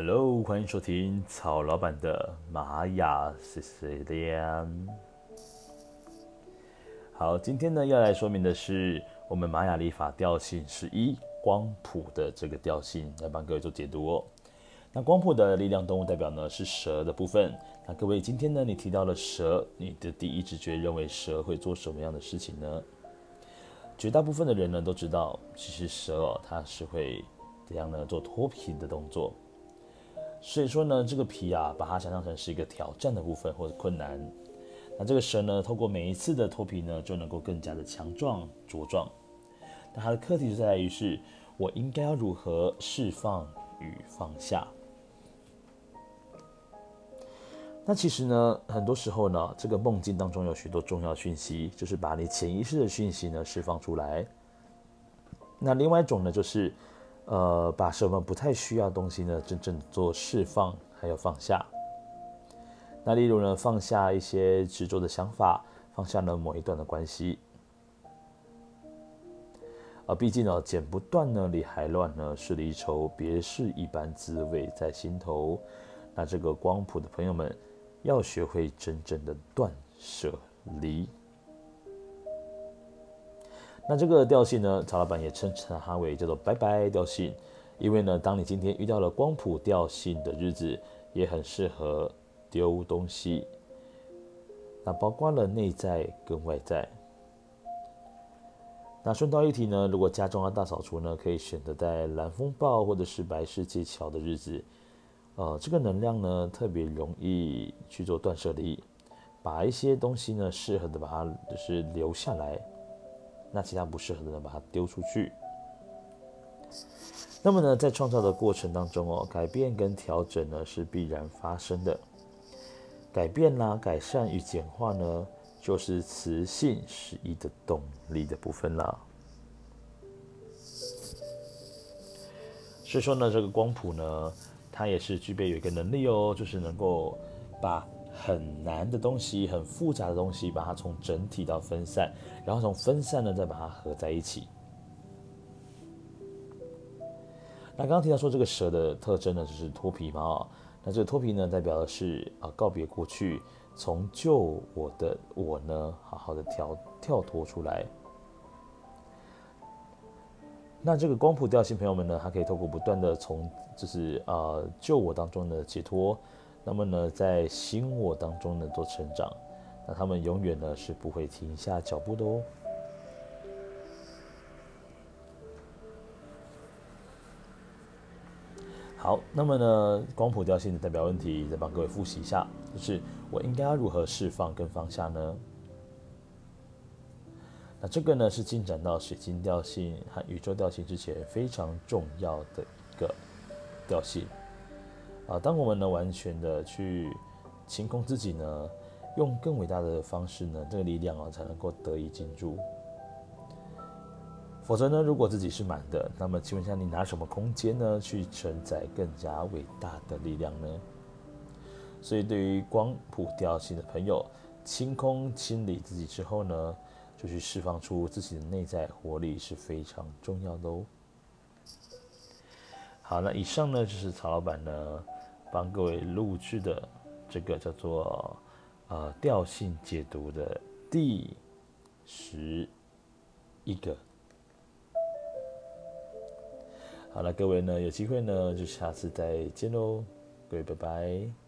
Hello，歡迎收聽草老闆的瑪雅系列。好，今天呢要來說明的是我們瑪雅曆法調性十一光譜的這個調性，來幫各位做解讀哦。那光譜的力量動物代表呢是蛇的部分。那各位今天呢，你提到了蛇，你的第一直覺認為蛇會做什麼樣的事情呢？絕大部分的人呢都知道，其實蛇哦它是會怎樣呢做脫皮的動作。所以說呢，這個皮啊，把它想象成是一個挑戰的部分或者困難。那這個蛇呢，透過每一次的脫皮呢，就能夠更加的強壯茁壯。那它的課題就在於是，我應該要如何釋放與放下？那其實呢，很多時候呢，這個夢境當中有許多重要訊息，就是把你潛意識的訊息呢釋放出來。那另外一種呢，就是。呃，把什麼不太需要的東西呢，真正做釋放，還有放下。那例如呢，放下一些執着的想法，放下了某一段的關係。啊，畢竟呢，剪不斷呢，理還亂呢，是離愁，別是一般滋味在心頭。那這個光譜的朋友們，要學會真正的斷捨離。那這個調性呢，曹老闆也稱稱它為叫做“拜拜調性”，因為呢，當你今天遇到了光譜調性的日子，也很適合丟東西。那包括了內在跟外在。那順道一提呢，如果家中要大掃除呢，可以選擇在藍風暴或者是白世界橋的日子。呃，這個能量呢，特別容易去做斷捨離，把一些東西呢，適合的把它就是留下來。那其他不適合的人把它丟出去。那麼呢，在創造的過程當中哦，改變跟調整呢是必然發生的。改變啦、改善與簡化呢，就是磁性是一的動力的部分啦。所以說呢，這個光譜呢，它也是具備有一個能力哦，就是能夠把。很難的東西，很複雜的東西，把它從整體到分散，然後從分散呢再把它合在一起。那剛剛提到說這個蛇的特徵呢，就是脫皮嘛，那這個脫皮呢代表的是啊，呃，告別過去，從舊我的我呢好好的跳跳脫出來。那這個光譜調性朋友們呢，他可以透過不斷的從就是啊舊，呃，我當中的解脫。他們呢，在心我當中能夠成長，那他們永遠呢，是不會停下腳步的哦。好，那麼呢，光譜調性的代表問題，再幫各位複習一下，就是我應該如何釋放跟放下呢？那這個呢，是進展到水晶調性和宇宙調性之前非常重要的一個調性。啊，當我們能完全的去清空自己呢，用更偉大的方式呢，這個力量啊、哦、才能夠得以進駐。否則呢，如果自己是滿的，那麼請問下你拿什麼空間呢去承載更加偉大的力量呢？所以對於光譜調性的朋友，清空清理自己之後呢，就去釋放出自己的內在活力是非常重要的哦。好，那以上呢就是曹老闆呢。幫各位錄製的這個叫做呃調性解讀的第十一個，好了，那各位呢有機會呢就下次再見嘍，各位拜拜。